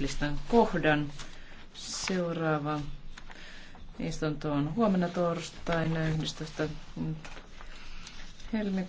listan kohdan. Seuraava istunto on huomenna torstaina 11. helmikuuta.